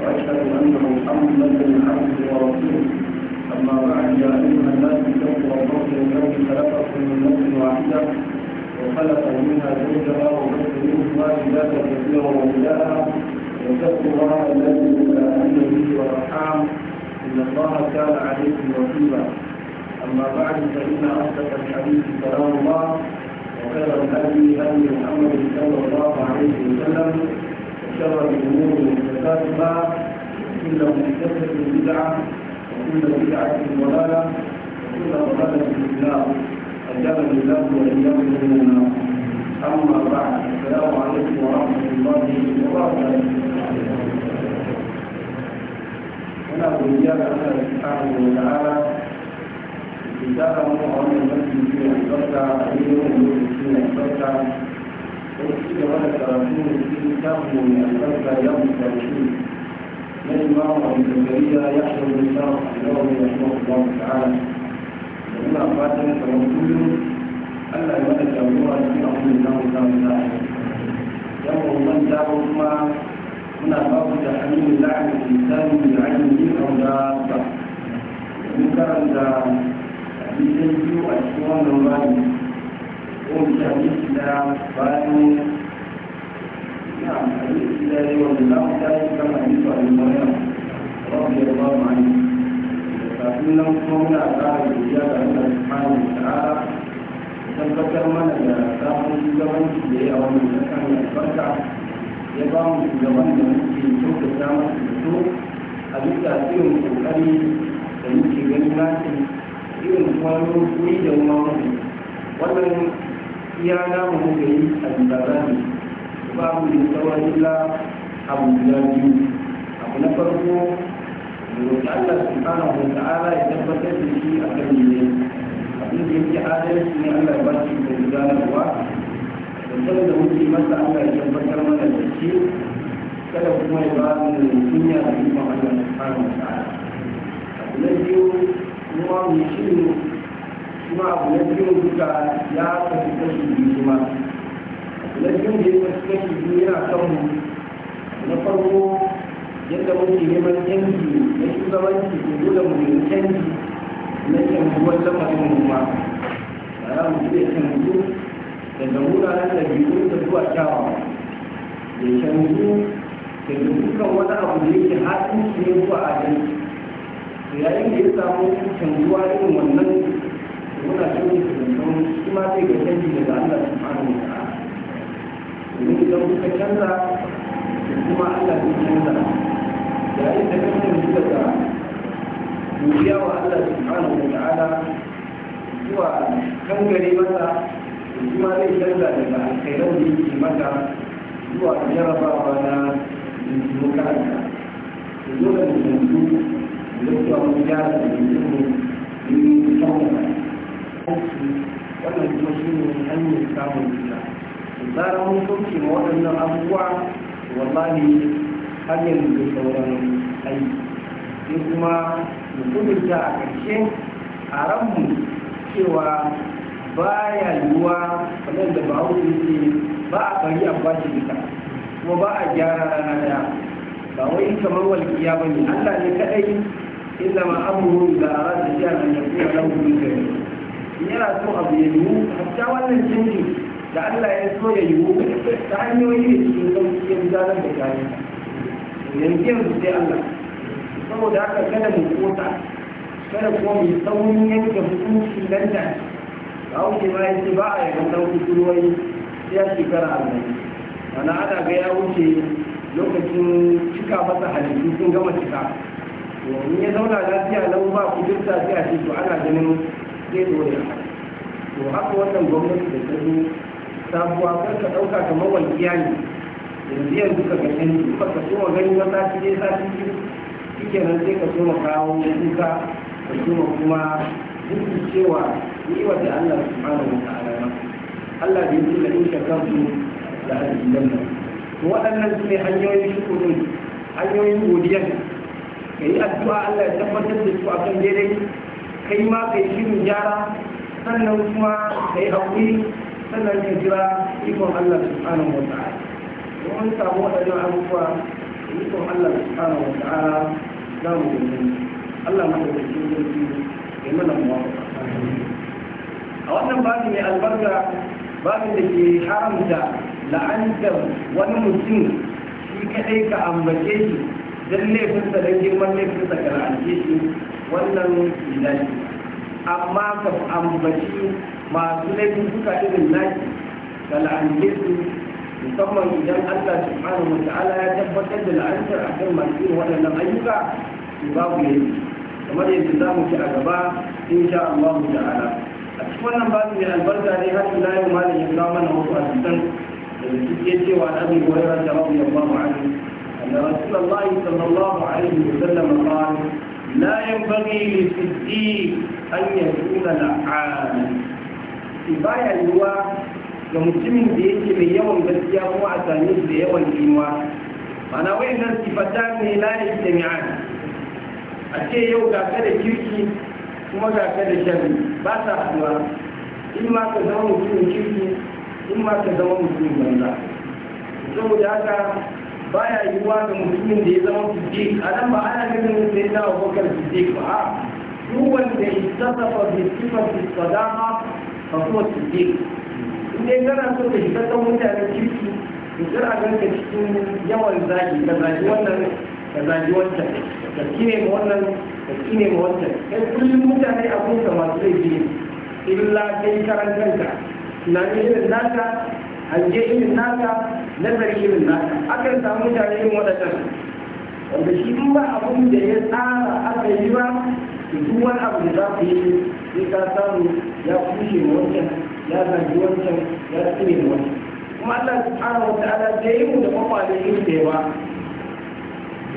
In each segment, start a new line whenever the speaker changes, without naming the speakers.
وأشهد أن محمدا عبده ورسوله أما بعد يا أيها الناس اتقوا ربكم الذي خلقكم من نفس واحدة وخلق منها زوجها وبث منهما رجالا كثيرا ونساء واتقوا الله الذي تساءلون به والأرحام إن الله كان عليكم رقيبا أما بعد فإن أصدق الحديث كلام الله وخير الهدي هدي محمد صلى الله عليه وسلم شر الأمور محدثاتها كل محدثة بدعة وكل بدعة ضلالة وكل ضلالة في النار أجابني الله وإياكم من النار أما بعد السلام عليكم ورحمة الله وبركاته أنا بإجابة الله سبحانه وتعالى كتابه وأنا المسجد في أن ترجع أيضا وأن ترجع وكيل ولا تراكم في سهم البركة يوم التوحيد للإمام أبو زكريا يحيى رحمه الله تعالى وهنا فاتنة وكل ألا يولد جمهورا في أمر الله تعالى يوم من جاءهما هنا باب تحميل لعن الإنسان بعينه أو دابة ذكر أن حديثين في أشهر قوم شهيد لا بانوا نعم حديث الله والله تعالى كما حديث ابي مريم رضي الله عنه فإنه قولنا بعد إجابة الله سبحانه وتعالى tabbatar mana da samun shugabanci da ya wani kasan ya farka ya ba mu shugaban da muke kyautata masa da so a duk da irin kokari da muke gani nasu irin kuma da kuma mutum wannan ya namu muka yi a bisazani ba mu yi tsawon illa abu guda biyu abu na farko roƙi Allah subhanahu wa ala ya tabbatar da shi a kan ne abin da yake adalci ne Allah ba shi da gudanarwa da saboda muke masa Allah ya tabbatar mana da shi kada kuma ya ba mu kunya da ikon Allah subhanahu wa ala abu na biyu kuma mu shirin kuma abu na biyu duka ya tafi kashi biyu kuma na biyu da ya kasu kashi biyu yana kan na farko yadda muke neman yanki na shugabanci ko dole mu nemi yanki na canjuwar lamarin noma bara mu ji da canju daga wuraren da biyu da zuwa kyawawa da canju daga dukkan wani abu da yake hatsin shi ne zuwa yanki yayin da ya samu canjuwa irin wannan muna cikin kirkan shi ma zai ga canji daga Allah subhanahu wa ta'ala domin idan kuka canza kuma Allah zai canza yayin da kan yi daga godiya wa Allah subhanahu wa ta'ala zuwa kangare masa kuma zai canza daga alkhairan da yake mata zuwa jarabawa na jinsu kanta dole ne yanzu da cewa mun gyara da jinsu ne da yi adalci wannan kuma shi ne hanyar samun gida zarar mun sauke ma waɗannan abubuwa wallahi har yanzu da sauran aiki sai kuma mu kudurta a ƙarshe a ranmu cewa baya yiwuwa kamar da ba hausa yake ba a bari a bashi duka kuma ba a gyara rana daya ba wai kamar walƙiya ba ne allah ne kaɗai inda ma amuru da a rasa shi a nan da kuma lahu min gari yana so abu ya yiwu hatta wannan canji da Allah ya so ya yiwu ta hanyoyi ne su sauƙi ya gudanar da kayan yanzu yanzu sai Allah saboda haka kada mu kota kada kuma mu yi saurin yanke hukunci nan da ba wuce ma ya ce ba a yakan ɗauki turuwai ya shekara arba'in ana ana ga ya wuce lokacin cika masa halittu sun gama cika domin ya zauna lafiya lau ba kudurta sai a ce to ana ganin zai dore to haka wannan gwamnati da ta zo sabuwa kar ka ɗauka kamar walƙiya ne yanzu yanzu ka gani ba ka so gani ba sati ne sati biyu shi kenan sai ka so kawo kuka ka so kuma duk cewa ni wata Allah subhanahu wa ta'ala Allah bai yi da in shakartu da hadisan nan to waɗannan su ne hanyoyin shukurin hanyoyin godiya ka yi addu'a Allah ya tabbatar da su kan daidai kai ma kai shirin gyara sannan kuma kai haƙuri sannan ka jira ikon Allah subhanahu wa ta'ala to an samu wadannan abubuwa ikon Allah subhanahu wa ta'ala za mu gani Allah ma da cikin sarki ya mana mu a wannan babi mai albarka babin da ke haramta la'antar wani mutum shi kadai ka ambace shi don laifinsa don girman laifinsa ka la'ance shi wannan filani amma ka ambaci masu laifin suka irin naki da la'anje su musamman idan Allah subhanahu wa ta'ala ya tabbatar da la'antar kan masu irin waɗannan ayyuka ba ku yi. kamar yadda za mu ci a gaba in sha Allah ta'ala a cikin wannan babu mai albarka ne har ila yau da ya kawo mana wasu cikin da suke cewa an abi ba radiyallahu anhu anna rasulullahi sallallahu alaihi wa sallam qala لا ينبغي للصديق أن يكون لعانا كفاية الوا ga mutumin da yake mai yawan gaskiya ko a same shi da yawan kinuwa mana wayannan sifata ne la yajtami'an a ce yau ga ka da kirki kuma ga ka da sharri ba sa haɗuwa in ma ka zama mutumin kirki in ma ka zama mutumin banza saboda haka baya wa ga mutumin da ya zama fitik a nan ba ana ganin sai da bakar fitik ba a duk wanda ya sassafa fitifar fisadama ba kuma fitik in dai kana so ka shiga ta mutane kirki in kira ganka cikin yawan zaki ka zaki wannan ka zaki wancan ka kine ma wannan ka kine ma wancan kai kullum mutane abun ka masu laifi illa kai karan kanka tunanin irin naka hange irin naka nazari irin na akan samu mutane yin waɗannan wanda shi duk ba abin da ya tsara aka yi ba duk wani abu da za ku yi sai ka samu ya kushe wancan ya zargi wancan ya tsire wancan kuma Allah subhanahu wa ta'ala da yi mu da kwakwale irin da ya ba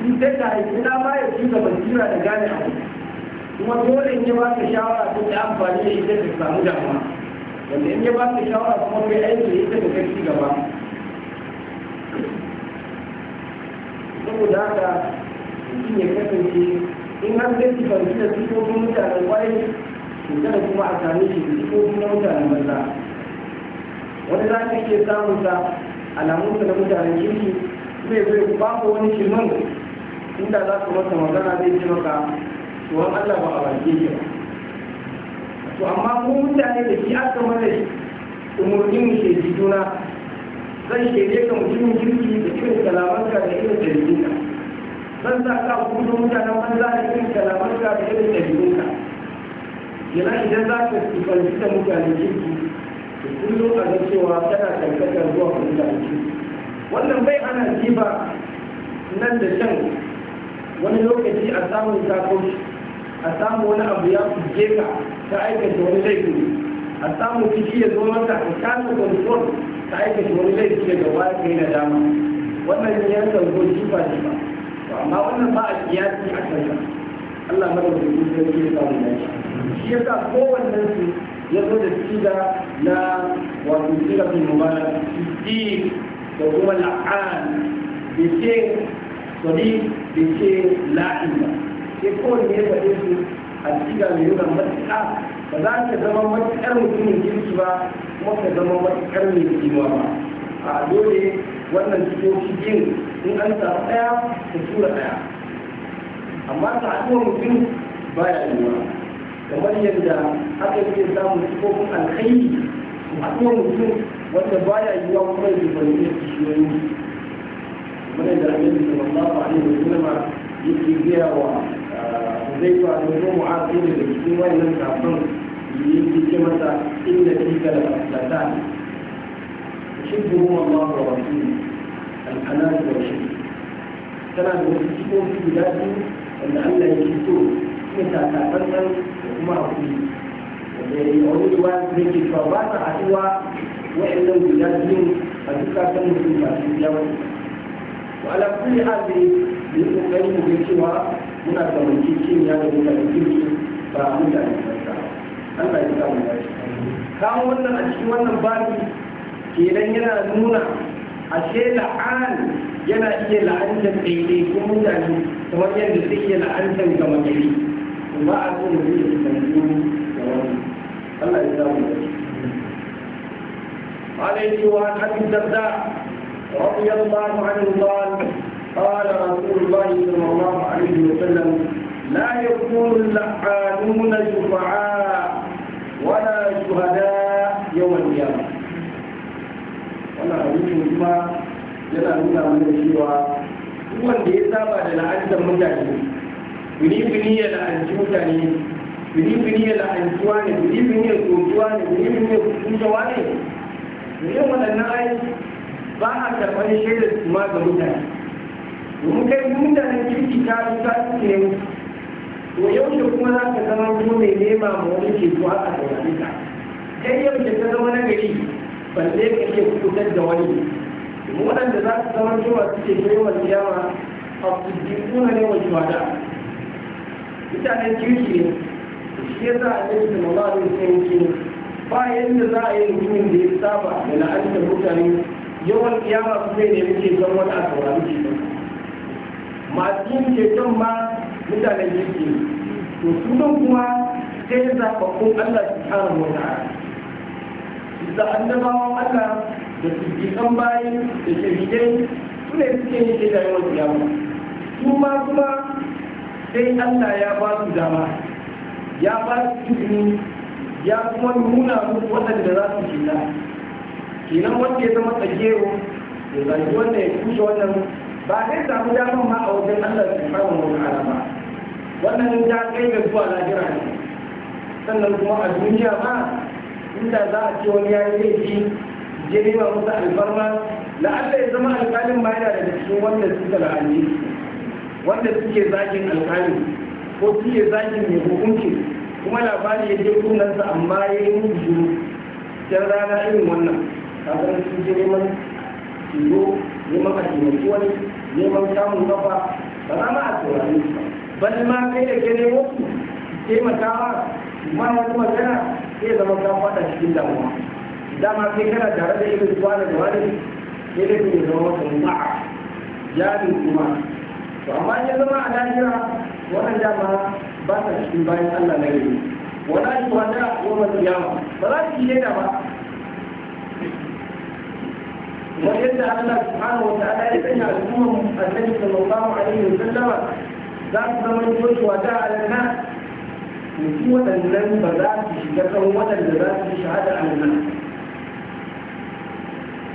in sai ka haifi na ba ya basira da gane abu kuma dole in ya ba ka shawara ko ta amfani da ita ka samu damuwa wanda in ba ka shawara kuma kai aiki da ita ka kai gaba saboda haka mutum ya kasance in har zai ci farki da sifofin mutanen kwarai to kada kuma a same shi da sifofin na mutanen banza wani za ka iya samun sa alamunsa na mutanen kirki zai zai ba ku wani shirman inda za ka masa magana zai ce maka tsoron Allah ba a barke shi to amma mu mutane da shi aka mana umurnin mu ke juna zan shirye ka mutumin kirki da irin kalamanka da irin dalilin zan sa ka kuma mutanen banza da irin kalamanka da irin dalilin ka yana idan za ka sifanci da mutanen kirki da kullum a ga cewa tana karkatar zuwa ga da kirki wannan bai ana jiba nan da can wani lokaci a samun sakoshi a samu wani abu ya fuje ka ta aikata wani laifin, a samu kishi ya zo maka a kasa control ka aikata wani laifi daga wani kai na dama wannan ya zango jifa jifa amma wannan ba a kiyasi a kansa Allah madaukakin sarki ya samu Ya shi yasa kowannen su ya zo da siga na wato siga bin mubarak siddiq da kuma la'an da ke sadiq da ke la'in ba sai kowanne ya faɗe su a siga mai nuna matuƙa ba za ta zama matuƙar mutumin kirki ba kuma zama matuƙar mai kima ba a dole wannan sifofi biyu in an samu ɗaya ka tura ɗaya amma ta haɗuwa mutum baya yiwuwa kamar yadda aka ke samun sifofin alkhairi su haɗuwa mutum wanda baya yiwa kuma ya zubarin da kishiyoyi kamar yadda annabi sallallahu alaihi wa sallama yake gaya wa eh, zai fa da mu'azin da cikin wannan kafin yi ce masa inda fi da fasata shi buru Allah wa rasulu alhanan wa shi tana da wasu sifofi guda biyu wanda Allah ya ke so kuma takatsantsan da kuma hakuri wanda ya yi wani ruwa da ke cewa ba ta haɗuwa wa'annan guda biyu a duka kan mutum masu yawa وعلى كل هذه da بسوى من الزمن كيكين يعني من الكيكين فمتعلمة Allah ya samu ya kawo wannan a cikin wannan babi kenan yana nuna ashe la'an yana iya la'antar daidai ko mutane kamar yadda zai iya la'antar ga magari ba a so mutum ya tsanci ga wani Allah ya samu ya عليه وعن ابي الدرداء رضي الله عنه قال قال رسول الله صلى الله عليه وسلم لا يكون اللعانون شفعاء shuhada yawan kiyama wannan hadisin kuma yana nuna mana cewa duk wanda ya saba da la'antar mutane bini-bini ya la'anci mutane bini-bini ya la'antuwa ne bini-bini ya tsotuwa ne bini-bini ya kusurwa ne yin waɗannan ai ba a karɓar shaidar su ma ga mutane domin kai mutanen kirki ta su ta su ne to yaushe kuma za ka zama kuma mai nema ma wani ke zuwa a tsaye a kai yau da ka zama na gari balle ka ke kutar da wani waɗanda za su zama cewa suke kai wa kiyama a kudin ne wa kiwata mutanen kirki ne shi ya sa a yi da mawa ne sai yake ba yadda za a yi mutumin da ya saba da la'antar mutane yawan kiyama su zai nemi ke zan wani a saurari ke ba masu yin ceton ma mutanen kirki ne to su kuma sai zaɓaɓɓun allah su tsara wata da annabawan Allah da siddiƙan bayi da shahidai su ne suke yin shaida yawan kiyama su ma kuma sai Allah ya ba su dama ya ba su izini ya kuma nuna musu waɗanda za su shaida kenan wanda ya zama tsakero ya zaki wanda ya kushe wannan ba zai samu daman ma a wajen Allah fara wa ta'ala ba wannan ta kai ga zuwa lahira ne sannan kuma a duniya ba inda za a ce wani ya yi laifi je ba masa alfarma la'alla ya zama alƙalin ma yana da cikin wanda suka la'anci wanda suke zagin alkali ko suke zagin mai hukunci kuma labari ya je kunansa amma ya yi mutu shiru can rana irin wannan kafin su je neman shigo neman a taimaki wani neman samun kafa ba za ma a saurari ba bal ma kai da ke nemo su taimakawa ma kuma magana sai zama ka fada cikin damuwa dama kai kana tare da irin tuwa da wani sai dai zama wata ma'a jami kuma to amma ya zama a lahira wannan dama ba ta cikin bayan Allah na gari wala shi wanda wa kiyama ba za ki yi da ba وجدنا الله سبحانه وتعالى يبنى الأمم النبي صلى الله عليه وسلم ذات زمن وجه وداع على الناس su waɗannan ba za su shiga kan waɗanda za su yi shahada a nan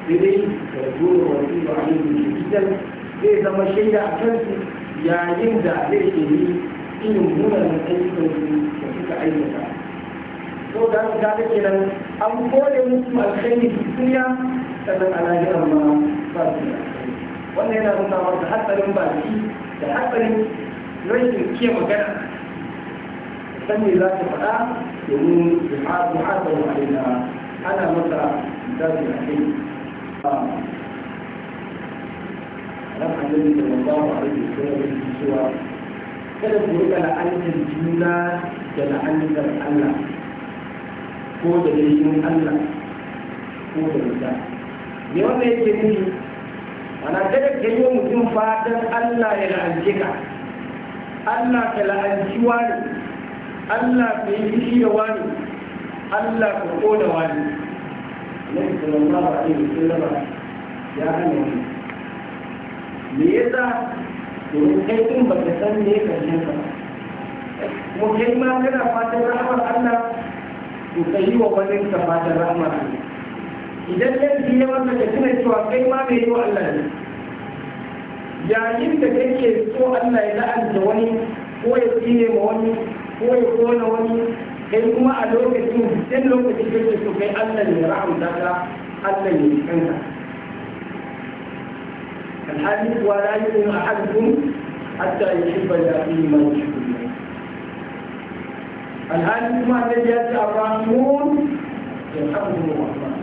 sai dai da zuwa wasu ba a yin zai zama shaida a kansu yayin da zai ke yi irin munanan ayyukan da suka aikata sau da su kaga kenan an kore musu alkhairi duniya sannan a lahirar ma ba su da wannan yana nuna masa hatsarin baki da hatsarin rashin ke magana sani za ka faɗa domin muhasabu alaina ana masa misali a kai ah. ran annabi sallallahu alaihi da yake cewa kada ku rika la'antar juna da la'antar Allah ko da laifin Allah ko da wuta ne wanda yake nufi ana kada ka yi mutum fatan Allah ya la'ance ka Allah ka la'anci wani Allah ka yi fushi da wani Allah ka da wani Nabi sallallahu alaihi wasallam ya hana wani me ya sa domin kai din baka san me karshen ka ko kai ma kana fatan rahmar Allah to ka yi wa wani ka fatan rahmar Allah idan laifi ya maka da tuna cewa kai ma mai yi wa Allah ne yayin da kake so Allah ya la'anta wani ko ya tsine ma wani ko kona wani kai kuma a lokacin sai lokacin da ke so kai Allah ne rahamta ka Allah ne kanka الحديث ولا يؤمن أحدكم حتى يحب لأخيه ما يحب الحديث ما الذي يأتي الراحمون يرحمهم الرحمن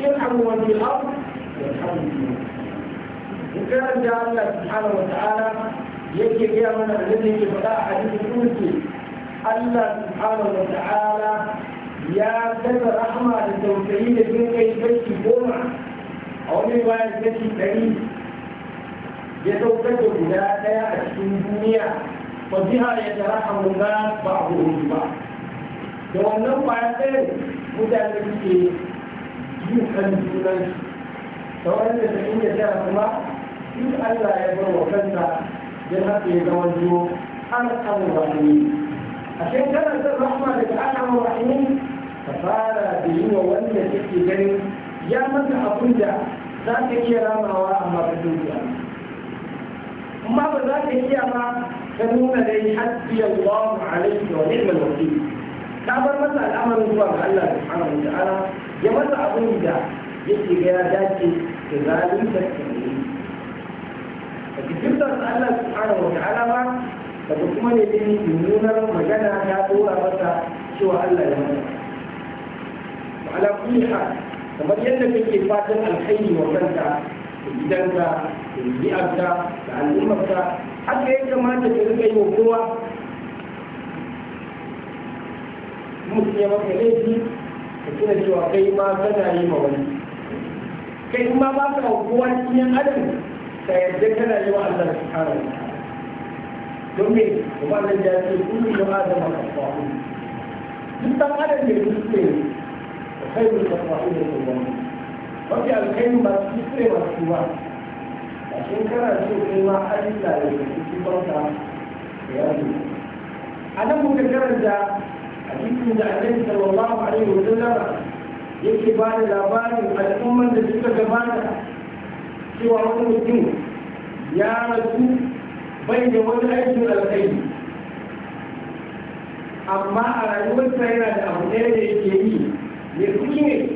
يرحموا من في الأرض يرحمهم الله وكان الله سبحانه وتعالى يجي يا من الذي يبقى حديث الكرسي Allah subhanahu wa ta'ala ya daga rahama da tausayi da jin kai kashi goma a wani bayan kashi ɗari ya saukar da guda ɗaya a cikin duniya fa ba ya tarahamu na ba'dhum ba da wannan bayan ɗaya mutane suke jin kan junan ta wanda ta inda tara kuma in Allah ya bar wa kansa dan haka ya zama jiwo an samu rahimi ashe kana son rahma da ta'ala wa rahim ka fara da yi wa wanda kake ganin ya maka abin da za ka iya ramawa amma ka dubiya amma ba za ka iya ma ka nuna da yi haddi Allah wa alaihi wa ni'mal wakil ka bar masa alamar zuwa ga Allah subhanahu wa ta'ala ya masa abin da yake ga ya dace da zalunta ka ne a cikin Allah subhanahu wa ta'ala ba daga kuma ne dai mummunar magana ta dora masa cewa Allah ya mana ala kulli hal kamar yadda kake fatan alkhairi wa kanka da gidanka da bi'arka da al'ummarka haka ya kamata ka rika yi wa kowa mutum ya maka laifi ka tuna cewa kai ma kana yi ma wani kai ma ba ka kowa cikin adam ka yarda kana yi wa Allah subhanahu wa ta'ala don me kuma nan ya ce kullu ya ma da makafahu duk dan adam ne kuskure da kai da kafahu da kuma mafi alkhairi ba su ba ba a cikin kana so kai ma Allah ya kuskure kibarka ya yi a nan muka karanta a cikin da annabi sallallahu alaihi wa sallam yake ba da labarin al'ummar da suka gabata cewa wani mutum ya rasu bayyana da wani aikin alkhairi amma a rayuwarsa yana da abu ɗaya da yake yi ya kuki ne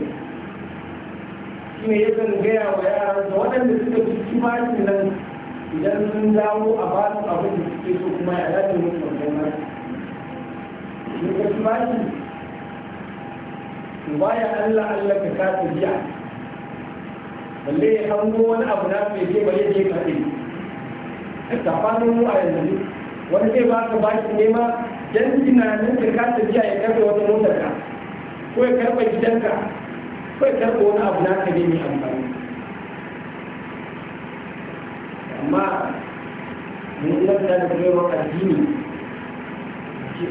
shi ne yakan gaya wa da waɗanda suka fi kimanin nan idan sun dawo a ba su abu da suke so kuma ya dace musu wannan nan shi ka ba ya Allah Allah ka kasa biya balle ya hango wani abu na mai je bare je kaɗai tsakanin mu a yanzu wani zai ba ka bashi nema dan tunanin da ka tafiya ya karɓe wata motar ka ko ya karɓe gidanka ko ya karɓe wani abu na naka ne mai amfani amma mun lantana da kuma addini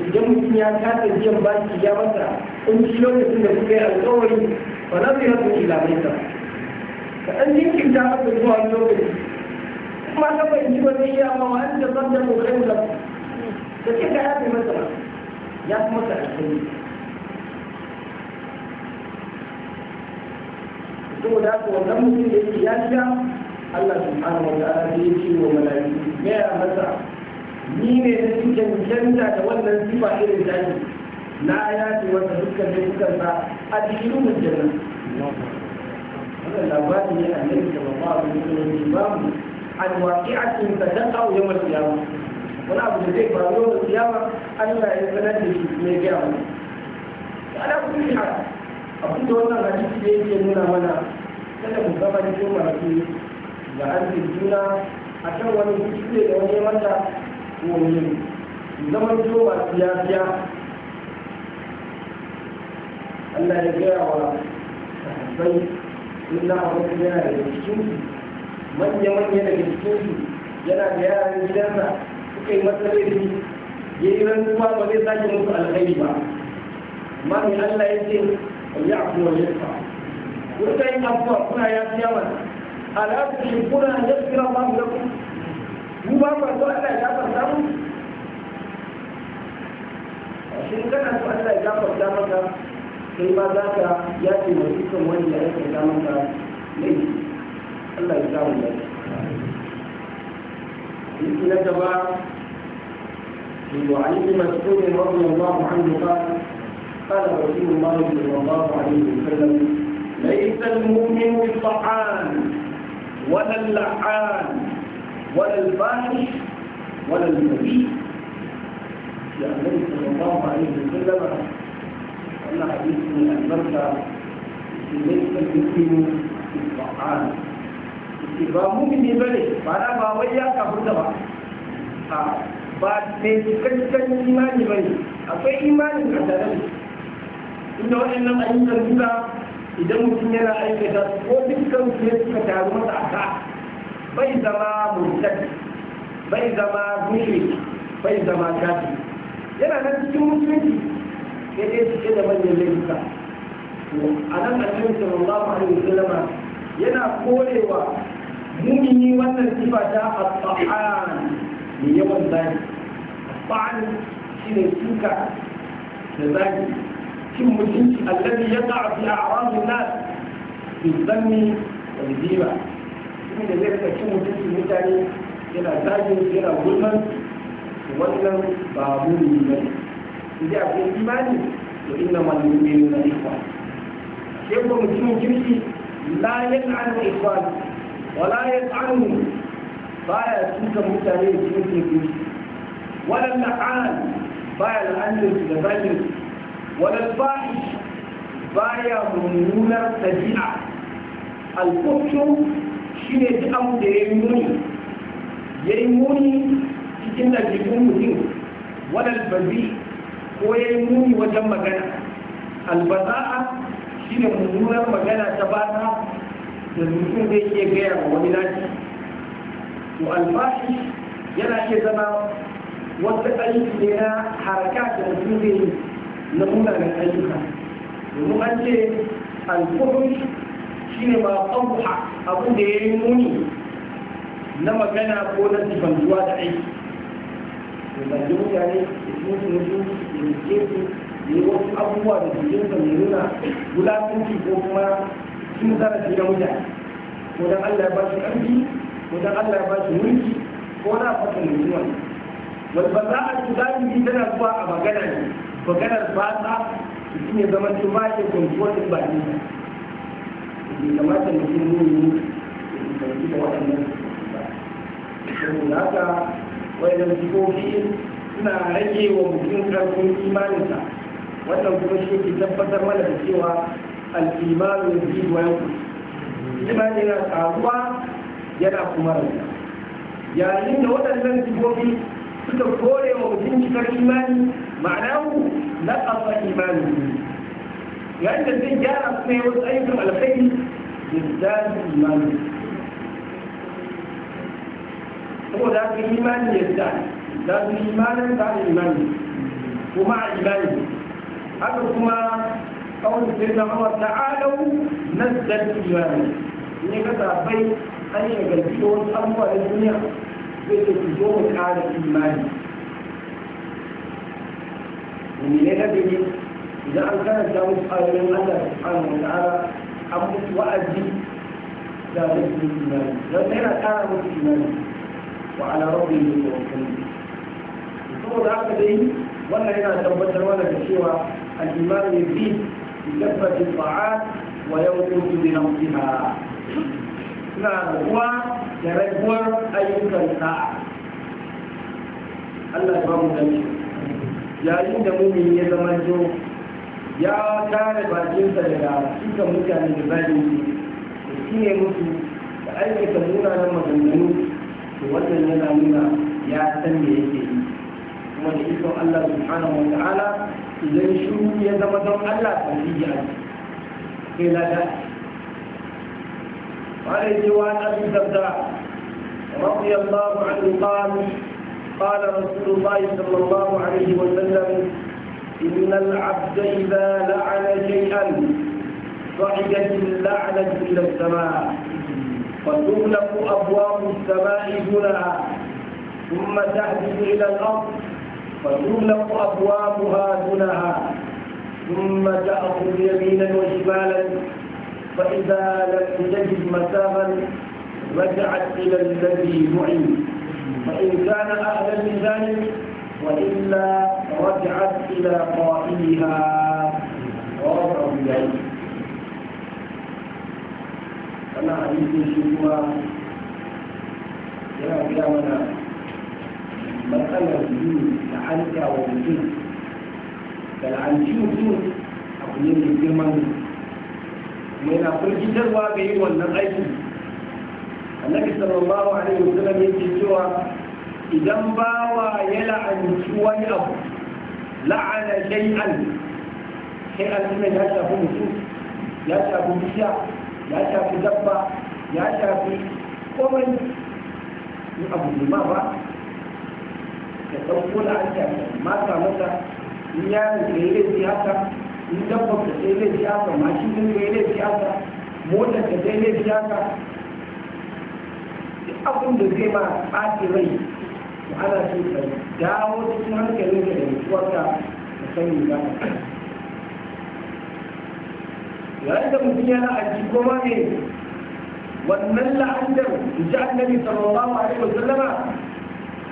idan mutum ya kasa biyan baki ya masa kunci lokacin da suka yi alkawari ba za su yi rasu ila mai ka ɗan jinkirta masa zuwa lokaci ma ka fahimci ba zai iya ma wani da zan da kokarin da da ke kaya bai masa ba ya fi masa alheri saboda haka wannan mutum da yake ya sha Allah subhanahu wa ta'ala da yake wa mala'iku gaya masa ni ne na cikin janta da wannan sifa irin tashi na ya ce wata dukkan da dukkan sa a cikin mutum jannan wannan labarin ne annabi sallallahu alaihi wasallam ba mu an waqi'atin fataqa yawm al-qiyamah wani abu da zai faru yawm al-qiyama Allah ya sanar da shi mai gaya mu ala kulli hal abin da wannan hadisi da yake nuna mana kada mu zama cikin maraki ga arzikin juna a kan wani kuskure da wani mata ko ne zaman to masu yafiya Allah ya gaya wa sahabbai illa abin da yana da cikin manya-manya daga su yana da yaran gidansa suka yi masa da ya yi kuma ba zai sake musu alkhairi ba amma mai Allah ya ce ya fi wa yadda kun ta yi afuwa kuna ya fi mana alaƙa shi kuna ya fira ba mu da ku mu ba ba so Allah ya gafarta mu shin kana so Allah ya samu ka sai ba za ka yafe wa dukkan da ya aikata ka laifi Allah ya samu da shi na gaba وعن ابن مسعود رضي الله عنه قال قال رسول الله صلى الله عليه وسلم ليس المؤمن بالطعان ولا اللعان ولا الفاحش ولا النبي يعني النبي صلى الله عليه وسلم أن حديث من البركة ليس المؤمن بالطعان ba mumini ba ne ba na ba wai ya da ba ba mai cikakken imani ba ne akwai imanin a tare da inda waɗannan ayyukan duka idan mutum yana aikata ko dukkan su ya suka taru masa a ka bai zama murtad bai zama mushrik bai zama kafi yana nan cikin musulunci sai dai cike da manyan laifuka a nan a annabi sallallahu alaihi wasallama yana korewa mumini wannan sifa ta asfa'an mai yawan zaki asfa'an shi ne suka da zaki cin mutunci allazi ya ta'a fi a'radin nas bi zanni wa bidiba shi ne da rika cin mutunci mutane yana zaki, yana gulman wannan ba mumini bane idan akwai imani to inna mal mu'minuna ikhwan sai ko mutumin kirki la yan'anu ikhwan wala ya tsanu baya tuka mutane da cikin teku wala la'an baya la'anin da zanin ba fahish baya mummunar tabi'a alkuftu shine duk abu da ya yi muni ya yi muni cikin ɗabi'un mutum wala bazi ko ya yi muni wajen magana albaza'a ne mummunar magana ta bata da mutum zai iya gaya wa wani nashi to alfashi yana iya zama wasu aiki ne na haraka da mutum zai yi na munanan ayyuka domin an ce alfuhush shi ne ma tsabuha abin da ya yi muni na magana ko na sifantuwa da aiki da zage mutane da mutu mutu da mutu da wasu abubuwa da jikinsa yi nuna wulatunci ko kuma sun zarafi da mutane ko dan Allah ya ba shi ƙarfi ko dan Allah ya ba shi mulki ko na fatan mutuwan wal baza'a tudani tana zuwa a magana ne maganar batsa shi ne zaman su ba ke kwantuwar da baki ne kamata mutum ne ne da ɗauki da waɗannan saboda haka waɗannan sifofi suna rage wa mutum ƙarfin imaninsa wannan kuma shi ke tabbatar mana da cewa الإيمان يزيد وينقص إما إلى تعبوا يلا كمارا يعني إن هذا الذي تقول فيه تتقول يوم الإيمان معناه نقص إيمان يعني الذي جاء أسمه وسأيكم على خير يزداد إيمان هو ذات الإيمان يزداد ذات الإيمان ذات الإيمان ومع إيمان هذا كمارا kawai sai na hawa ta'alau na zarfi rani ne ka zafai an yi garfi wani abubuwa da duniya zai ce ku zo mu kara imani ne na gani idan an karanta musu ayoyin Allah subhanahu wa ta'ala an musu wa'azi da zai yi imani don yana kara musu imani wa ala rabbi ne ko kuma saboda haka dai wannan yana tabbatar mana da cewa al-iman ne bi لفة الطاعات ويوقف بنفسها suna raguwa da raguwar ayyukan sa'a Allah ya bamu da yayin da mumin ya zama jo ya kare bakinsa daga cikin mutane da zalimi da shine musu da aikata munanan maganganu to wannan yana nuna ya san me yi kuma da ikon Allah subhanahu wa ta'ala idan shuru ya zama don Allah ta yi ya ke lada wani cewa na رضي الله عنه قال قال رسول الله صلى الله عليه وسلم إن العبد إذا لعن شيئا صعدت اللعنة إلى السماء فتغلق أبواب السماء دونها ثم تهبط إلى الأرض فتغلق أبوابها دونها ثم تأخذ يمينا وشمالا فإذا لم تجد مسافا رجعت إلى الذي معين فإن كان أهلا لذلك وإلا رجعت إلى قائلها ورجعوا إليه فما حديث الشكوى يا كلامنا matsalar biyu da hanta wa mutum da la'anci mutum a ne mai girman mai na firgitarwa ga yi wannan aiki annabi sallallahu alaihi wasallam yake cewa idan bawa ya la'anci wani abu la'ana shay'an an ne ya shafi mutum ya shafi bishiya ya shafi dabba ya shafi komai abu ne ma ba da ɗauko da aka mata mata in yaron ka yi laifi haka in dabbar ka sai laifi haka mashin ɗin ka yi laifi haka motar ka sai laifi haka duk abin da zai ma ɓaci rai to ana so ka dawo cikin hankalin ka da mutuwarka da sani za ka yayin da mutum yana aji kuma ne wannan la'antar da ji annabi sallallahu alaihi wasallama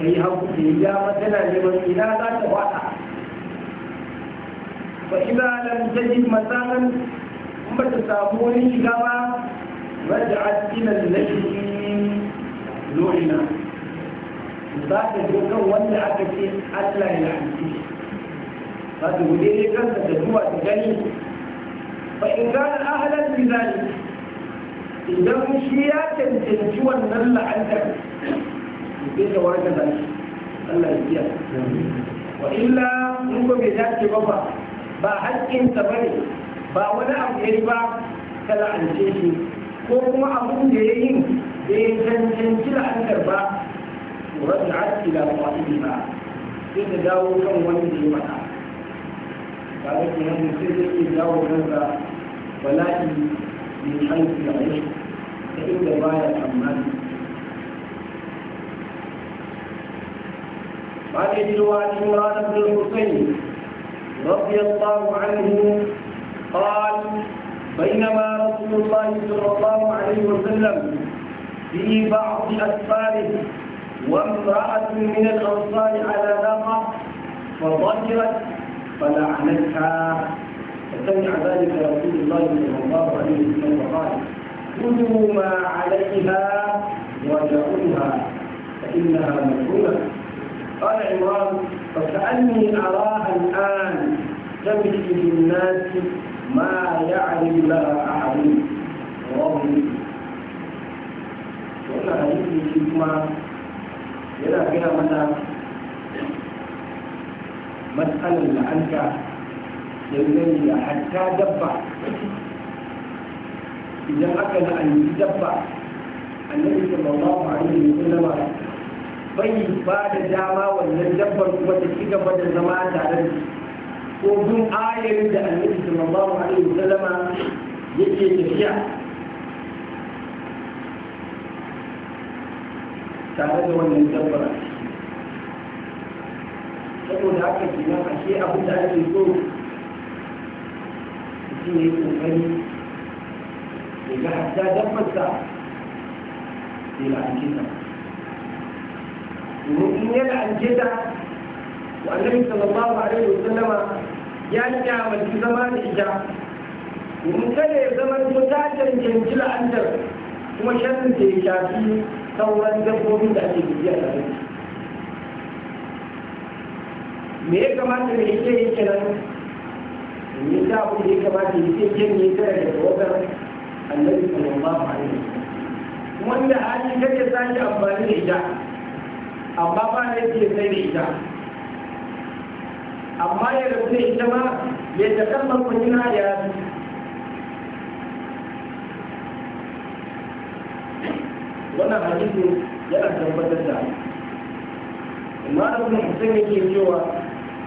Ka yi hagu da yi dama tana neman ina za ta wata fa ina lam tajid masanan in ba ta samu wani shiga ba raja'at ila al-lati lu'ina za ta zo kan wanda aka ce Allah ya la'anci Ba ta gode ne kansa da zuwa ta gani fa in kana ahlan bi zalik idan shi ya cancanci wannan la'antar sai ka warkar da shi Allah ya biya wa illa in ba bai dace ba ba ba haƙƙin ta bane ba wani abu yayi ba ta an shi ko kuma abun da ya yi da ya cancanci da haƙƙi karba raj'at ila qa'idiha sai ta dawo kan wani da ya mata ba da kuma mutum zai iya dawo kansa bala'i min haifu da ayyuka ta inda ya tsammani عن ابن عمران بن الحسين رضي الله عنه قال بينما رسول الله صلى الله عليه وسلم في بعض أسفاره وامرأة من الأنصار على ناقة فضجرت فلعنتها فسمع ذلك رسول الله صلى الله عليه وسلم وقال خذوا ما عليها وادعوها فإنها مجهولة قال عمران فكأني أراها الآن تمشي في ما يعرف لها أحد رواه wannan hadisi shi kuma yana gina mana matsalar la'anta dangane da hatta dabba idan aka la'anci dabba annabi bai ba da dama wannan dabbar kuma ta ci gaba da zama tare da ko bin ayarin da annabi sallallahu alaihi wasallama yake tafiya tare da wannan dabbar saboda haka kenan ashe abin da ake so mutum ya kokari ya ga hatta dabbarsa ya la'anci ta in yana an jeta wa annabi sallallahu alaihi wa sallama ya kyamaci zama da ita domin kada ya zama ko ta cancanci la'antar kuma shan da ya shafi sauran dabbobin da ake bibiya da su me ya kamata ne ita ya kiran me ya abu da ya kamata ya ce janye tare da tawagar annabi sallallahu alaihi wa sallam wanda hali kake sake amfani da ita amma ba ne ke sai da ita amma ya rufe ita ma ya takamman kujina ya rabu wannan hadisin yana tabbatar da malamin mutum yake cewa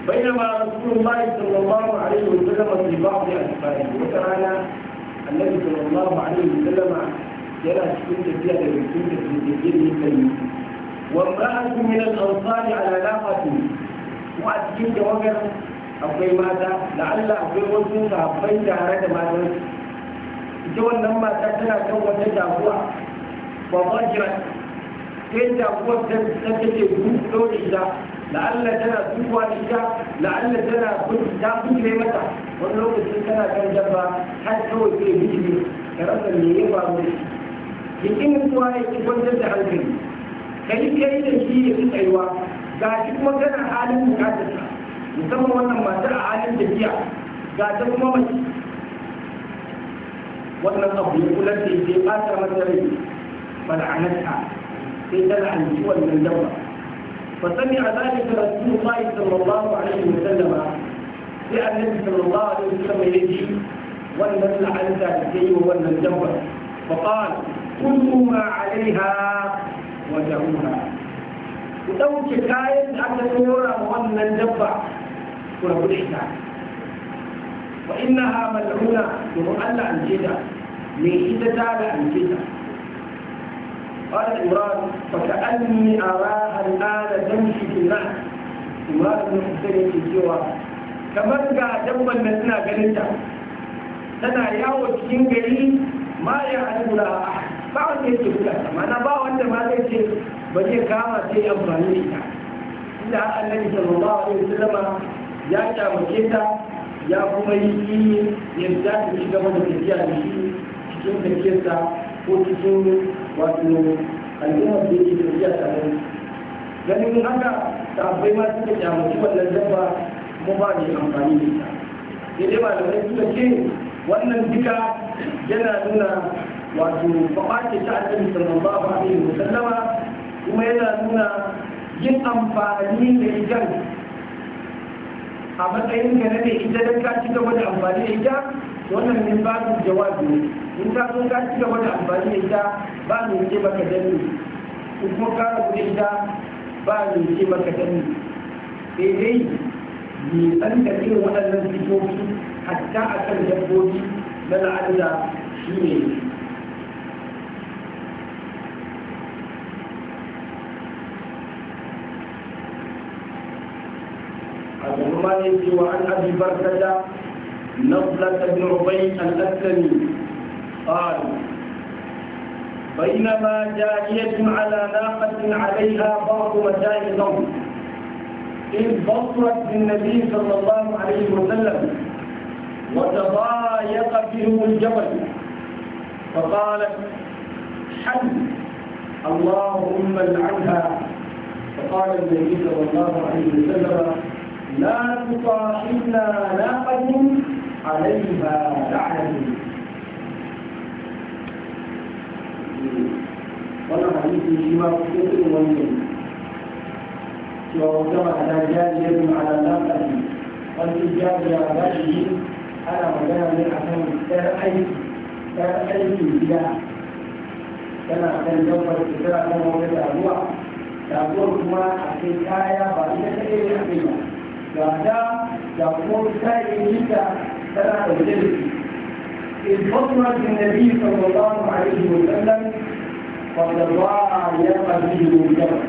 بينما رسول الله صلى الله عليه وسلم في بعض da وتعالى النبي صلى الله عليه وسلم يرى شكوك فيها لبسوك في yi. وامرأة من الأنصار على ناقة وأتكين توقر akwai mata da Allah akwai wasu sahabbai tare da matan ita wannan mata tana kan wata jagowa ba ba jira sai jagowa ta take duk da ita da Allah tana tukuwa da ita da Allah tana ta kulle mata wani lokacin tana kan dabba har kawai ke biki ne ka rasa me ya faru da shi ya da hankali ka yi kai da shi ya fi tsayuwa ga shi kuma kana halin bukatar sa musamman wannan matar a halin tafiya ga ta kuma mace wannan abu ya kula da ya ba ta mata rai fal'anata sai ta la'anci wannan dabba فسمع ذلك رسول الله صلى الله عليه وسلم لأن النبي صلى الله عليه وسلم يجي ولن لعنت عليه ولن جبر فقال كلوا ما عليها wata ku ɗauke kayan da aka tsora wannan dabba ku rabu da ita wa inna ha mal'una domin Allah an ce ta me ita ta da an ce ta قال عمران فكأني أراها الآن تمشي في النهر عمران بن حسين في سوى kamar ga dabban da suna ganin ta tana yawo cikin gari ma ya ba wanda yake kula mana ba wanda ma zai ce ba zai kama sai amfani da ita inda annabi sallallahu alaihi wasallama ya kyamace ta ya kuma yi kiyi yadda ta ci gaba da tafiya da shi cikin tafiyarsa ko cikin wato al'ummar da yake tafiya tare ganin haka ta abai ma suka kyamaci wannan dabba kuma ba ne amfani da ita sai dai wani suka ce wannan duka yana nuna wato faɓace ta annabi sallallahu alaihi wa sallama kuma yana nuna yin amfani da ita a matsayin ga na mai ita don ka ci gaba da amfani da ita wannan ne ba su jawabi ne in ka so ka ci gaba da amfani da ita ba mai ke maka danni in kuma ka rabu da ita ba mai ke maka danni sai dai ne san da irin waɗannan fitofi hatta a kan dabbobi na la'adda shi ne ما يجي وعن أبي بركة نضلة بن ربيع الأسلمي قال بينما جارية على ناقة عليها بعض متاع الأرض إذ بصرت بالنبي صلى الله عليه وسلم وتضايق بهم الجبل فقالت حل اللهم العنها فقال النبي صلى الله عليه وسلم لا تطاع إلا ناقد عليها لعنة والله حديث شواء كثير ومين شواء كما على جاج على ناقد قلت جاج يا باشي أنا وجاء من حسن تأي تأي بلا كما كان جوفر كثيرا كما وجد أبوع تأبوع كما أحكي كايا بأيه تأيه بعدها تقول سائل جدا ثلاثة وجلد إذ خطبت النبي صلى الله عليه وسلم قد ضاع يقى به الجبل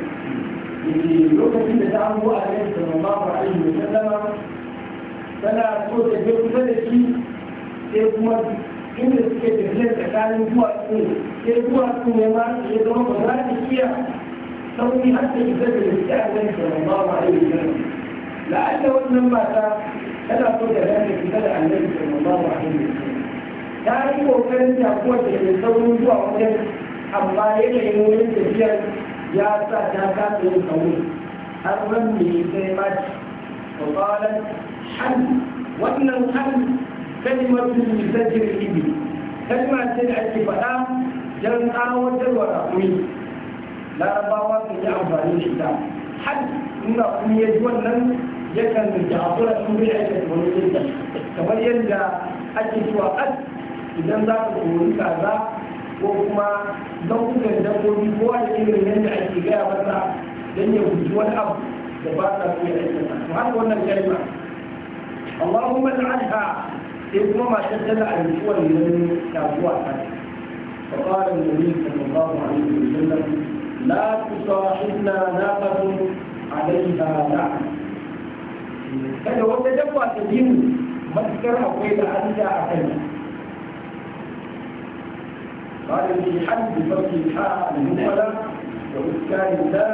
في لوكاسين da ta abubuwa a yin sallallahu alaihi wa sallama tana so ta je kusa da shi sai kuma inda suke tafiya tsakanin duwatsu sai duwatsu ne ma ya zama ba za ta iya sauri har ta isa da gaske a yin sallallahu alaihi wa sallama la'alla wannan mata tana so da ranar fita da annabi sallallahu alaihi wasallam ta yi kokarin takuwar da ke saurin zuwa wajen amma yanayin wurin tafiyar ya sa ta kasa yin kauri har ran da ya sai mace to qalat han wannan han kalimatu musajjir ibi kalma ce da ake faɗa don tsawatarwa raƙumi larabawa su yi amfani da ita har in raƙumi ya ji wannan yakan jagora su bi aikata wani jinta kamar yadda ake cewa as idan za ka kori kaza ko kuma nau'ukan dabbobi ko a irin yadda ake gaya masa don ya guji wani abu da ba sa su ya aikata to haka wannan kalma Allahumma al'adha sai kuma matar tana a rikuwar yanzu kasuwa ta فقال النبي صلى الله عليه وسلم لا تصاحبنا ناقة عليها لعنة kada wata dabba ta yin matukar akwai da an ja a kai ba da ke haɗu da ke ta alimuwa da wuskari da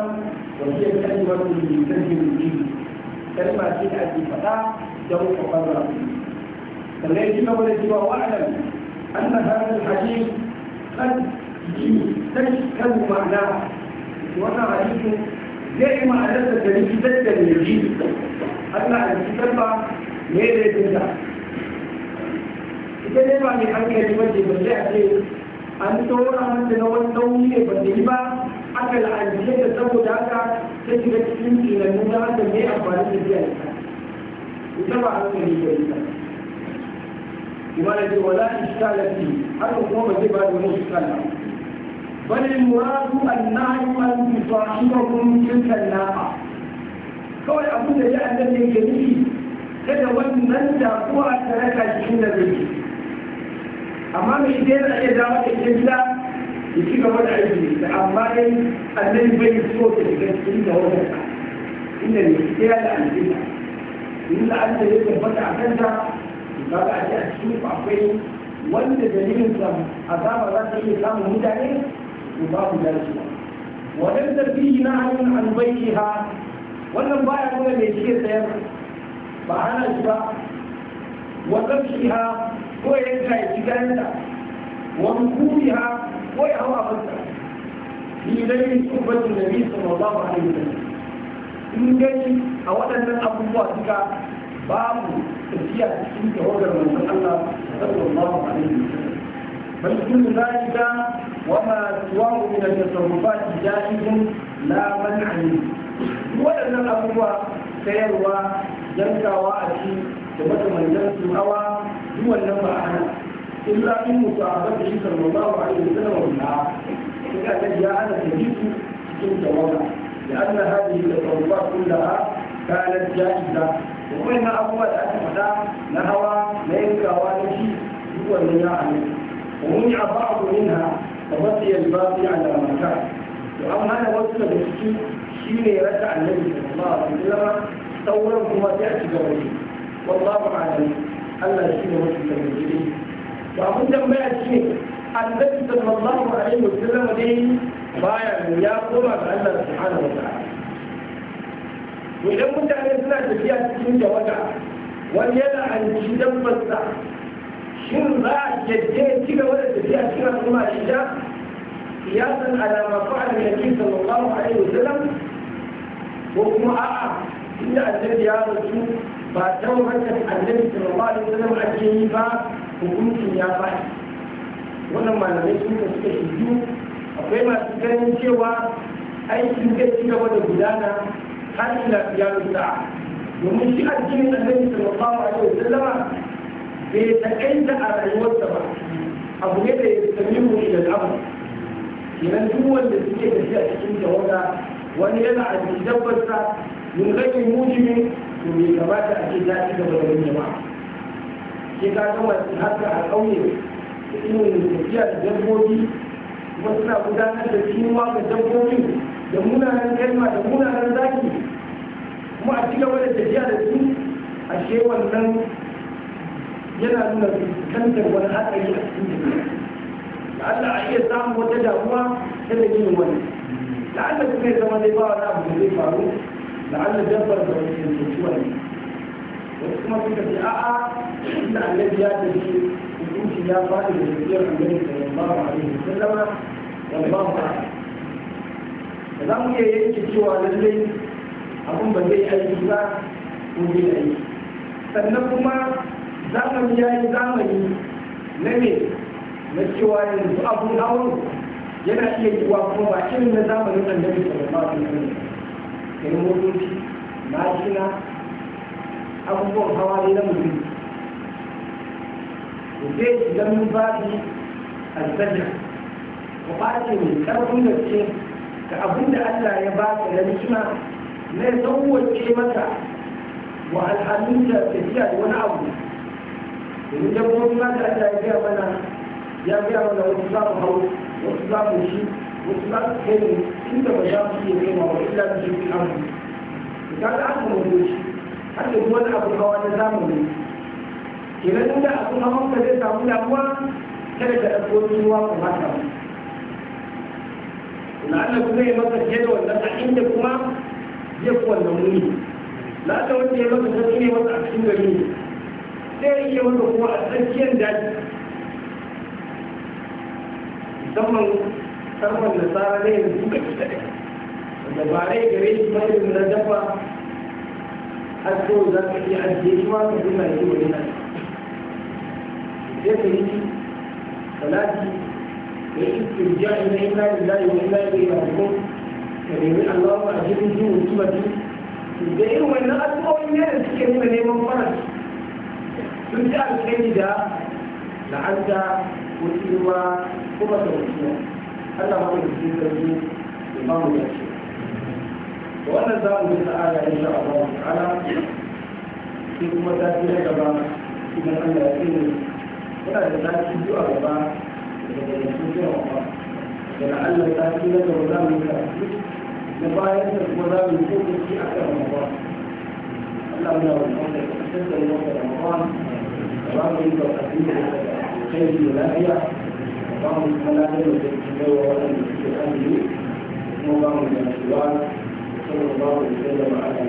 da ke kai wata da ke sarki da ke kalma ce da ake faɗa da wata ƙwarar da ne shi na wani cewa wa'adar an na tarar da haɗe kan yi sarki kan ma'ana wannan hadisin ya yi ma'anar da gari fitar da mai ji Allah a fitar ba ne da ya fita ita ne ba mai hankali wajen ba sai a ce an tsora na wani nauyi ne ba ta yi ba aka la'ajiye da saboda haka ta shiga cikin tunanin da haka mai amfani da biya ita ita ba hankali ba ita kuma da ce wala iskalati haka kuma ba zai ba da wani iskala بل المراد النهي أن تصاحبكم تلك الناقة kawai abin da ya annabi yake nufi kada wannan damuwa ta raka cikin da zai amma mai ita yana iya dawo da ita gida ya ci gaba da aiki da amma dai annabi bai so ta shiga cikin inda ne ita ya da alƙina in an tabbata a kanta a a akwai wanda dalilin sa azaba za iya samun babu dacewa wannan tafiyi na hannun albaiki ha wannan baya nuna mai cike sayar ba ana shi ba wannan shi ha ko ya yanka ya ci ganta wani kuri ha ko ya hawa masa shi dai tsubbacin da bisa ma ba ba ne in dai a waɗannan abubuwa suka babu tafiya cikin tawagar manzon Allah sallallahu alaihi wasallam bal kullu zalika وما سواه من التصرفات جائز لا منع منه waɗannan abubuwa sayarwa yankawa a ci da makamantar su hawa duk wannan a hana in za in a bata shi sallallahu alaihi wasallam wa na suka ga ya ana tajibu cikin tawaga da anna hadhihi tasawwufat kullaha kanat da kuma na abubuwa da aka faɗa na hawa na yankawa na ci duk wannan ya hana ومنع بعض منها wasu yalba su yi alamanta to an hana wasu daga ciki shi ne ya rasa annabi da kuma a kuma zama sauran kuma sai a shiga wani wallahu alim allah shi ne wasu daga ciki to abin tambaya shi ne annabi sallallahu alaihi wa sallam dai baya ne ya koma ga allah subhanahu wa ta'ala idan mutane suna tafiya cikin jama'a wani yana an ci dabbar shin za a jajje ci gaba da tafiya cikin al'umma shi ja kiyasan alama fa'ala da nabi sallallahu alaihi wasallam ko kuma a'a inda annabi ya rasu ba ta wajen annabi sallallahu alaihi wasallam ake yi ba hukuncin ya faɗi wannan malamai sun ka suka shigo akwai masu ganin cewa aikin zai ci gaba da gudana har ila ya rusa domin shi addinin annabi sallallahu alaihi wasallam bai takaita a rayuwarsa ba abu ne da ya sami mu da abu kenan duk wanda suke tafiya cikin tawaga wani yana a cikin dabbarsa mun rage mujimin to bai kamata a ce za ci gaba da wani jama'a ke ka ga masu haka a ƙauye da irin tafiya da dabbobi kuma suna gudanar da kinuwa ga dabbobin da munanan kalma da munanan zaki kuma a ci gaba da tafiya da su a wannan yana nuna fuskantar wani haɗari a cikin jiki da Allah a iya samun wata damuwa ta da yin wani da Allah kuma ya zama zai ba wani abu da zai faru da Allah dabbar da wani yanzu wani wasu kuma suka ce a'a inda annabi ya tafi hukunci ya faɗi da tafiyar annabi sallallahu alaihi wasallama wallahu a'lam da za mu iya yanke cewa lallai abin ba zai aiki ba ko zai aiki sannan kuma zamani ya yi zamani na ne na cewa yanzu abun awon yana iya yiwa kuma ba na zamanin annabi sallallahu alaihi wasallam na motoci mashina abubuwan hawa ne na mutum zai idan mun ba shi albajar ku ɓace mai karfin gaske da abin da Allah ya ba ka na hikima na ya sauwace mata wa al'adun da tafiya da wani abu domin dabbobi ma da Allah ya gaya mana ya gaya mana wasu za mu hau wasu za mu shi wasu za su kai inda ba za su iya kai ma wa illa mu shi amu ka ga aka mutu shi har da wani abu hawa na zamani kenan inda abu hawan ka zai samu damuwa kada ka ɗauko ruwa ku mata la'alla kuma ya maka fiye da wannan a inda kuma ya fi wannan muni la'alla wanda ya maka sassi ne masa a cikin gari ne zai iya maka kuma a tsakiyar daji musamman musamman da tsara ne yanzu ga kita da ba rai gare shi ba irin na dafa har so za ka iya ajiye shi ma ka duba shi wani na sai ka yi salati da istirja ina ina lillahi wa ina ilaihi raji'un ka nemi Allahu a jirin jin mutumati da irin wannan addu'o'in ne da suke nuna neman faransu sun ji alkhairi da la'anta ko tsiruwa ko ba ta wuciya Allah ma da cikin sarki imamu ya
ce
wannan za mu yi sa'ada insha Allah ta'ala sai kuma ta fi na gaba idan Allah ya tsere yana da zafi biyu a gaba daga da su jira wa da la'alla ta fi na gaba za mu yi karatu na bayan da kuma za mu yi kokoki a kan ramadan Allah ya wani wanda ya kasance da wani ramadan الراجل والحديث خير ولاية بعض الخلايا والتجوى والانتقال وبعض الأشوال صلى الله عليه وسلم على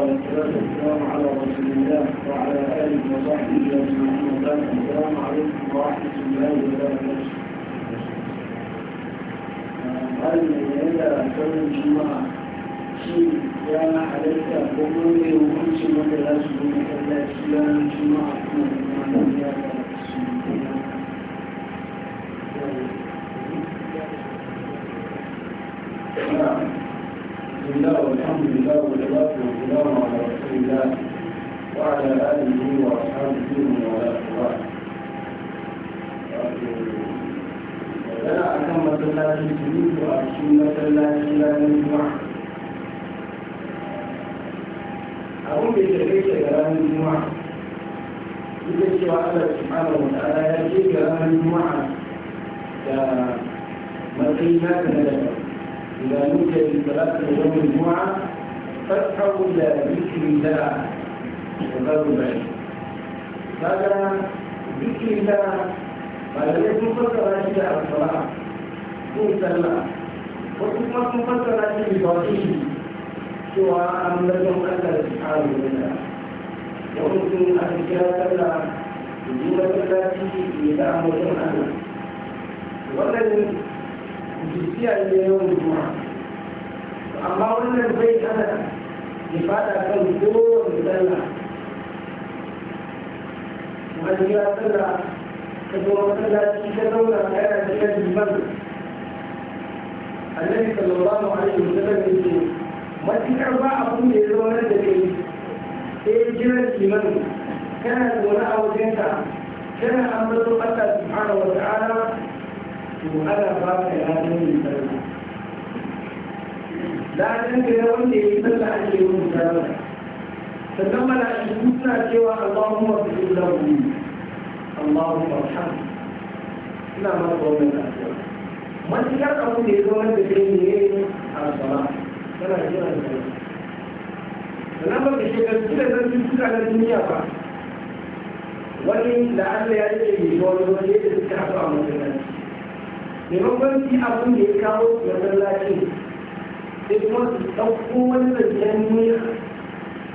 والسلام على رسول الله وعلى آله وصحبه أجمعين وبارك السلام عليكم ورحمة الله وبركاته. آه، ya بسم الله والحمد لله والصلاة والسلام على رسول الله وعلى آله وأصحابه
ومن والاه وبعد.
أنا أكمل مسلاتي سنين وأكمل مسلاتي لا abin da ke kai daga ranar juma'a duk da cewa Allah subhanahu wa ta'ala ya ce ga ranar juma'a da matsayi na ka na daga إذا نودي للصلاة يوم الجمعة فاسعوا إلى ذكر الله وذروا البعيد هذا ذكر الله قال لك مفسر هذه الصلاة قل صلى وقل مفسر هذه الباطل cewa an lagon Allah da subhanahu wa ta'ala da mutum a cikin sallah zuwa sallaci ya da amurkan Allah wannan jisiya ne yawan juma'a amma wannan bai hana ya fada kan kowane sallah an kira sallah ka zo masallaci ka zauna kana cikin liman annabi sallallahu alaihi wasallam yake matuƙar ba abin da ya zama da kai sai jiran kimanin kana zaune a wajenka kana ambaton Allah subhanahu wa ta'ala to ana ba ka ladan yin sallah ladan ka na wanda ya yi sallah ake yin sallah sannan mala'iku suna cewa Allahumma fi lahu Allahumma arhamhu ina masa wannan addu'a matukar abin da ya zama da kai ne a sallah yana jira da kai sannan ba ka shekaru da zan na duniya ba wani da Allah ya rike ne ga wani wani da suka haɗu a masallaci maimakon shi abin da ya kawo masallaci sai kuma su ɗauko wani zancen duniya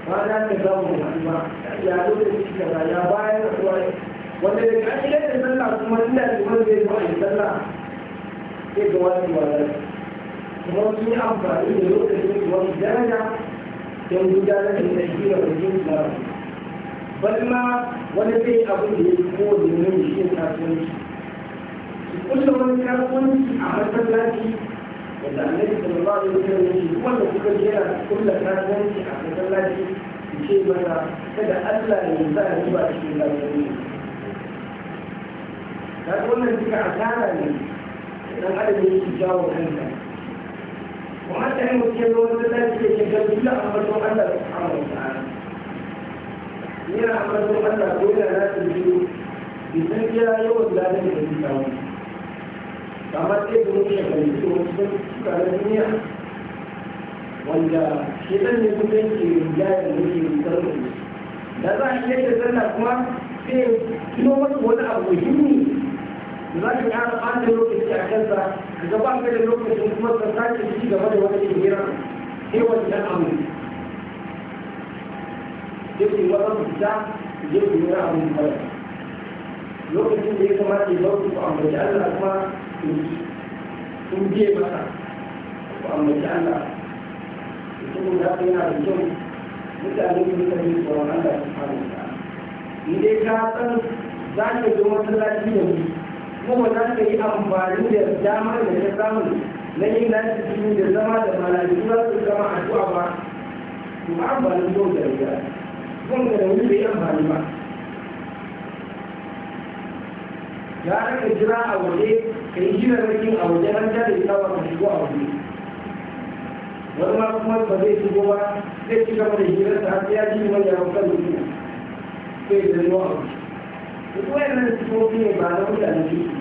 ba za ka samu ba ya lokaci kaza ya bayan rasuwa wanda da ka shigar da sallah kuma inda liman zai zo a yi sallah sai ga wani wani kuma sun yi amfani da lokacin wani daraja don gudanar da tafiyar da jin balma wani zai abin da ya fi kowane mai shi kasuwanci su kusa wani kasuwanci a masallaci wanda annabi sallallahu alaihi wasallam ya ce wanda kuka je yana kulla kasuwanci a masallaci su ce mana kada Allah ya sa a riba cikin lafiya ta wannan duka asara ne dan adam ya jawo kanka وحتى ان يسير وتتاتي يجب الى امره الله سبحانه وتعالى الى امره الله دون لا تجد بسنجا يوم لا تجد kamar ɗaya da wani shekaru da wasu suka na duniya wanda shekan ne kuma yake rinjaya da yake rinsar da da za a iya da zanna kuma sai abu muhimmi limanin ya an da lokaci a kansa da ba ka da lokacin kuma ka sake ci gaba da wani hira sai wannan abu sai wata fita je ku yi abu da lokacin da ya kamata ya zauki ku ambaci Allah kuma kun biye masa ku ambaci Allah mutumin da yana da kyau mutane su rika yin tsoron Allah su fara ni dai ka san za ka zo kuma za ka yi amfani da damar da ta samu na yin nashi cikin da zama da mala'iku za su zama zuwa ba to amfanin yau da riga zan da wani bai amfani ba ya raka jira a waje ka yi jira rakin a waje an da ya kawo ka shigo a waje wani ma kuma ba zai shigo ba zai ci gaba da hirarsa har ya ji mai yawon kan mutum sai da zuwa a waje da cikin wani ne ba na mutane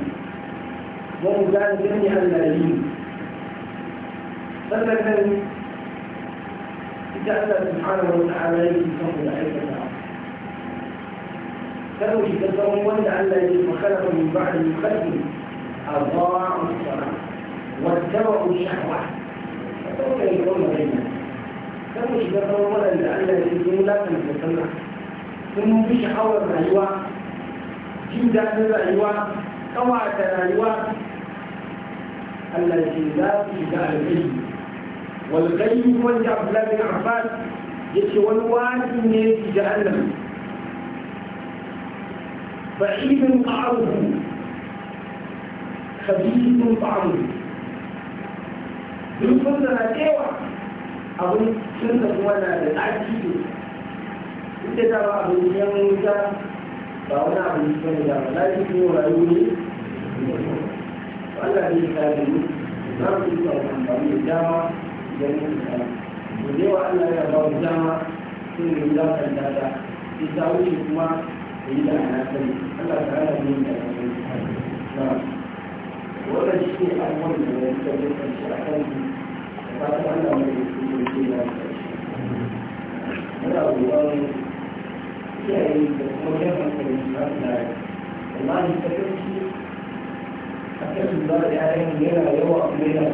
وميزان جميع الملايين فمثلا إذا الله سبحانه وتعالى يكفر العزة كانوا يتكلمون وأن الذي خلق من بعد خلق أضاع الصلاة واتبعوا الشهوة فسوف يكون بينهم كانوا يتكلمون أن الذي لا تنتظر ثم في حول الرعيوة جدا من الرعيوة قوعة الرعيوة Allah ya ce za su shiga alƙayi walƙayi wanda Abdullahi ya ce wani wani ne su ji Allah ba'idin ƙa'aruhu khabithun ba'aruhu duk sun na cewa abin sun da kuma na da tsaki ne duk da dama abin wuta ba wani ne Allah zai kare mu za mu yi amfani da dama da mu kare mu da yawa Allah ya ba mu dama sun yi lafiyar dada sai ta wuce kuma da yi da ana sani Allah ta hana mu da sani wannan shi ne abubuwan da ya fi da kanshi a kan su da ta Allah mai da su ne ke da kanshi muna roƙon iyaye da kuma yan hankali su ba su da wallahi ta kashin ba da yayan yana yawa kuma su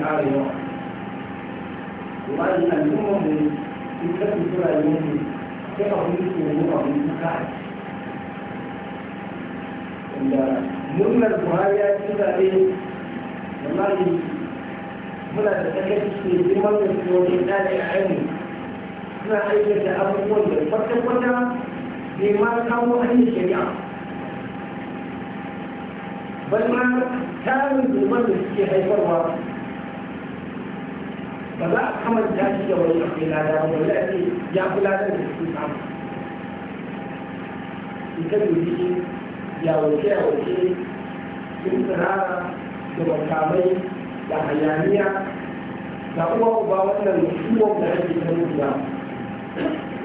a ka buhari ya ci da mali muna da sakaci ne da su a abubuwan da kwata-kwata bai ma tarin domin da suke haifarwa ba za a kamanta shi da wani akwai lada ba wanda ake ya fi lada da su samu ita wuce-ya-wuce sun tsirara da makamai da hayaniya da uwa uba wannan ciwon da ake ta mutuwa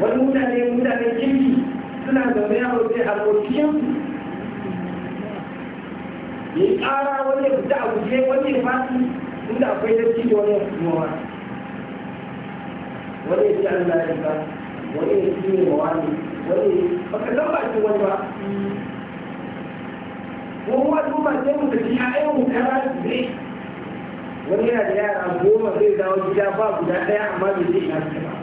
wani mutane mutane kirki suna da mai yawace harkokin ya yi ƙara wani ya fita a guje wani ya fasi inda akwai datti da wani ya fito ma wani ya ci an zai ba wani ya ci ne mawa ne wani baka san ba shi wani ba ko kuma su ba sai mu tafi ƴaƴan mu kara zai wani yana da yara goma zai dawo gida ba guda ɗaya amma bai zai ina ba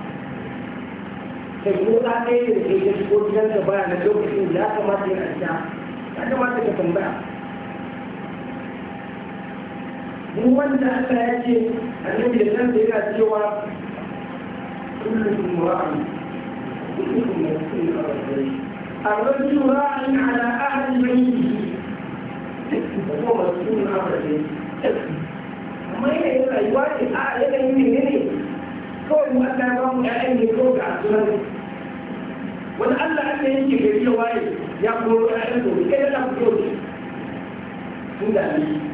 sai ko ɗa ɗaya da ke shigo gidansa baya na lokacin da ya kamata ya ta ya kamata ka tambaya mu wanda Allah ya ce annabi da kansa yana cewa kullukum ra'in kullukum mas'ulun an ra'yi الرجل راع على أهل بيته وهو مسؤول a رجله amma yanayin rayuwa ce a yanayin mene ne kawai mu Allah ba mu ƴaƴan ne ko ga sunan wani Allah Allah yake gari ya waye ya koro ƴaƴan gobe kai da ku ne tun da ni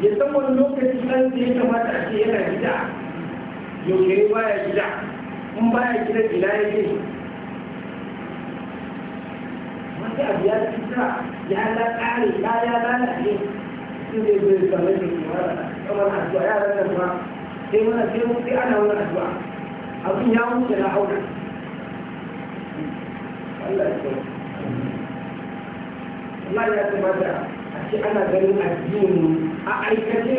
ya san wani lokaci ɗan da ya kamata a ce yana gida yaushe baya gida in baya gida gida ya ce wani abu ya cuta ya laƙare ya ya lalace sun zai zai zama da kuma kamar addu'a ya rana ma sai mana sai mun sai ana wani addu'a abin ya wuce na aure Allah ya kyau Allah ya kamata Tapi anak dari Azim Aik saja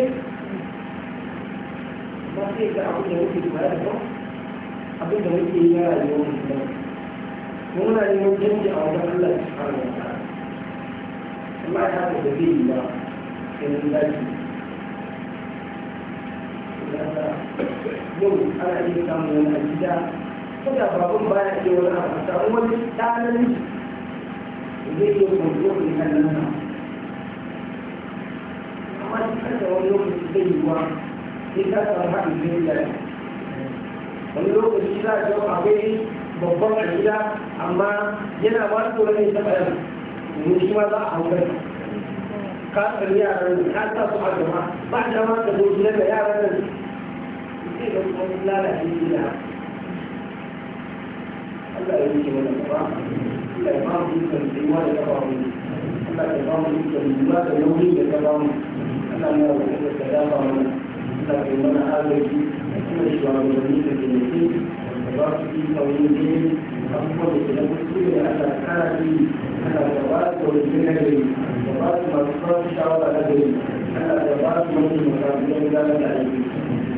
Masih tak aku jauh di depan tu Aku jauh di depan Aku jauh di depan Mula ni mungkin dia orang Allah Subhanahu Wa Taala. Semua yang ada di dunia ini dah jadi. Jadi, ada di kamu yang ada. Sudah berapa banyak jualan? Tahu mesti tahu ni. Ini tu pun dia punya nama. amma cikin da wani lokaci zai yi wa sai haɗin wani lokaci za a jawo akwai babban a gida amma yana ba su wani ta shi ma za a ka san yaran ka sa su a ba a dama ka zo gidan da yaran nan sai da lalace gida Allah ya yi mana gaba Allah ya ba mu dukkan da mu Allah ya ba mu dukkan da da mu mutane a wasu da dafa mu suna kai mana agaji da kuma shugabanni da ke nufi da ba su yi kaunin jini abubuwan da ke na kuskure da ana kara yi ana da ba su wani na gari da ba su masu kawo shawara na gari ana da ba su wani makarantar gana da aiki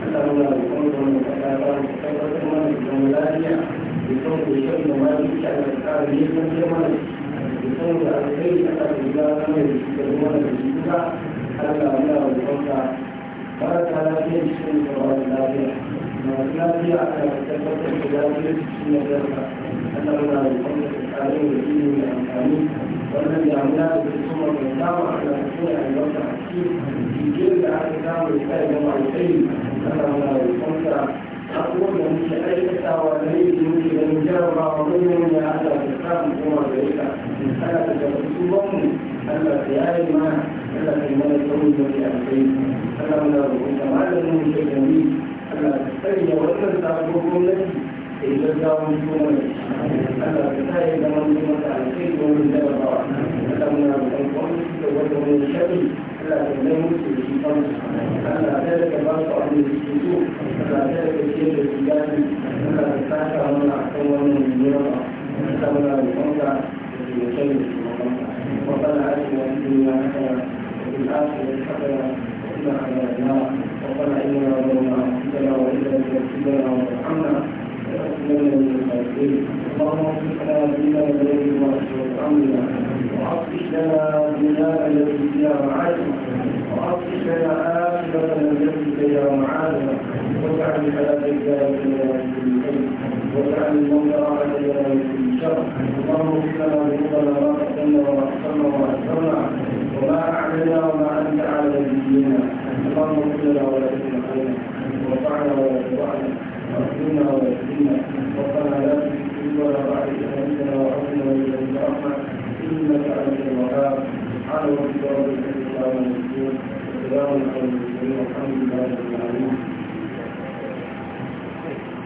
ana nuna da kuma da wani kasa ba su tabbatar mana da zama lafiya da kuma da shan da ma da suke ana kara yi kan girma da su da kuma da alkai ana da gina kan da su da kuma da su Allah muna roƙonka ba ta lafiya cikin gaba da lafiya lafiya a kan tabbatar da lafiya cikin yardarka Allah muna roƙonka da tsare da cikin mai amfani wannan da a kan kuma cikin da aka samu ya kai da mai Allah abubuwan da muke aikatawa da yake muke ganin jarabawa wannan ya Allah ta samu kuma da gaba su Allah mana Allah kai mana sauyi da wani da malamin mu kai gani Allah ka sanya wannan sabon gwamnati da ita samun الآخرة حسنة وقنا عذاب النار ربنا إننا ظلمنا أنفسنا وإن لم تغفر لنا وترحمنا لنكونن من الخاسرين اللهم اصلح لنا ديننا الذي هو عصمة أمرنا وأصلح لنا ديننا التي فيها معاشنا وأصلح لنا آخرتنا التي فيها معادنا واجعل حياتك دائما في كل خير واجعل الموت علينا من كل شر اللهم اغفر لنا ذنوبنا ما قدمنا وما اخرنا وما اسررنا وما أعلنا وما أنت أعلم بنا اللهم اغفر ولا تسلم علينا وارفعنا ولا ترفعنا واغفرنا ولا تهنا ربنا لا تزغ قلوبنا بعد إذ هديتنا وهب من لدنك رحمة إنك أنت الوهاب سبحان ربك رب العزة عما
يصفون وسلام على المرسلين والحمد لله رب العالمين